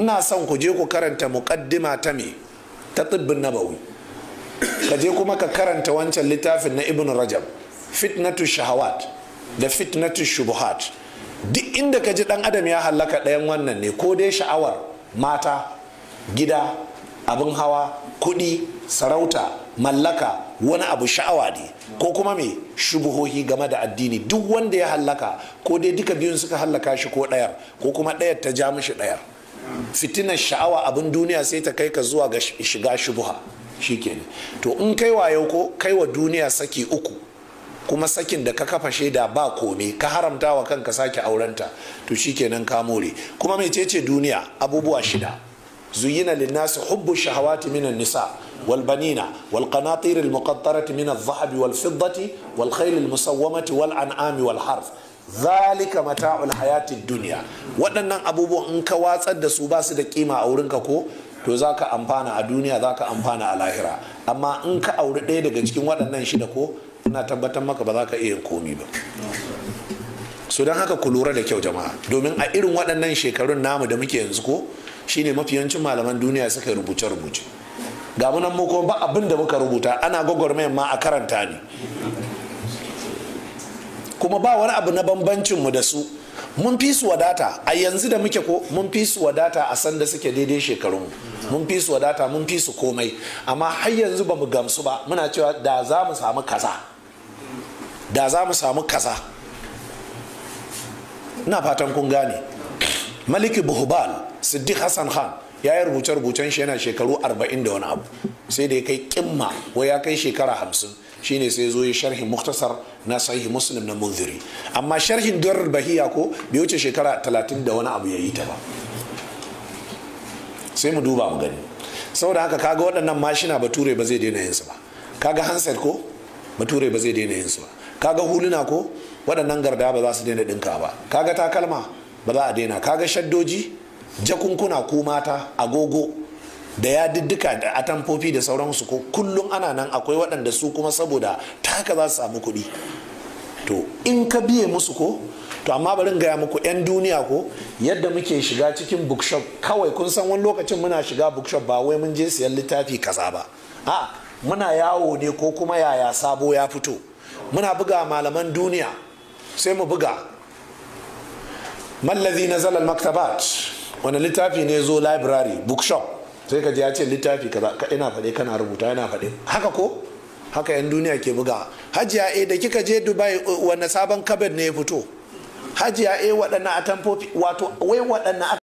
ina son ku je ku karanta muƙaddima ta me ta tibbin nabawi ka je kuma ka karanta wancan littafin na ibn rajab fitnatu shahawat da fitnatu shubuhat duk inda ka ji ɗan adam ya hallaka ɗayan wannan ne ko dai sha'awar mata gida abin hawa kuɗi sarauta mallaka wani abu sha'awa ne ko kuma me shubuhohi game da addini duk wanda ya hallaka ko dai duka biyun suka hallaka shi ko ɗayar ko kuma ɗayar ta ja mishi ɗayar fitinar sha'awa abin duniya sai ta kai ka zuwa ga shiga shubuha shikenan to in kai wayo ko kai wa duniya saki uku kuma sakin da ka kafa shaida ba kome ka haramta wa kanka sake aurenta to shikenan ka more kuma mecece duniya abubuwa shida zuyina linnasi hubbu shahawati minan nisa wal wal banina wal fiddati wal khayl al musawwamati wal an'ami wal Harf. zalika mata'ul hayatid duniya waɗannan abubuwan in ka watsar da su ba su da kima a wurinka ko to za ka amfana a duniya zaka amfana a lahira amma in ka auri ɗaya daga cikin waɗannan shida ko ina tabbatar maka ba za ka iya komi ba so don haka ku lura da kyau jama'a domin a irin waɗannan shekarun namu da muke yanzu ko shine mafiyancin malaman duniya suka rubuce rubuce ga mu nan mu kuma ba abin da muka rubuta ana gwagwarmayan ma a karanta ne kuma ba wani abu na bambancinmu da su mun fi su wadata a yanzu da muke ko mun fi su wadata a sanda suke daidai shekarun mun fi su wadata mun fi su komai amma har yanzu ba mu gamsu ba muna cewa da za mu samu kaza da za mu samu kaza ina fatan kun gane maliki buhubal siddiq hassan khan ya yi rubuce-rubucen shi yana shekaru 40 da wani abu sai da ya kai kimma wai ya kai shekara hamsin shine sai zo ya sharhin muktasar na sahihi muslim na munziri amma sharhin durar bahiya ko bai wuce shekara talatin da wani abu ya yi ta ba sai mu duba mu gani saboda haka kaga waɗannan mashina bature ba zai daina su ba kaga handset ko bature ba zai daina yinsu ba kaga huluna ko waɗannan garda ba za su daina ɗinka ba kaga takalma ba za a daina kaga shaddoji jakunkuna ko mata agogo da ya diddika da atamfofi da sauransu ko kullum ana nan akwai waɗanda su kuma saboda taka haka za su samu kuɗi to in ka biye musu ko to amma bari gaya muku 'yan duniya ko yadda muke shiga cikin bookshop kawai kun san wani lokacin muna shiga bookshop ba wai mun je siyan littafi kaza ba a muna yawo ne ko kuma yaya sabo ya fito muna buga malaman duniya sai mu buga mallazi na zalal maktabat wani littafi ne zo library bookshop sai ka ji ya ce littafi kaza ka ina faɗe kana rubuta yana faɗe haka ko haka yan duniya ke buga hajiya a da kika je dubai uh, wanne sabon kabin ne ya fito hajiya a waɗannan atamfofi wato wai waɗannan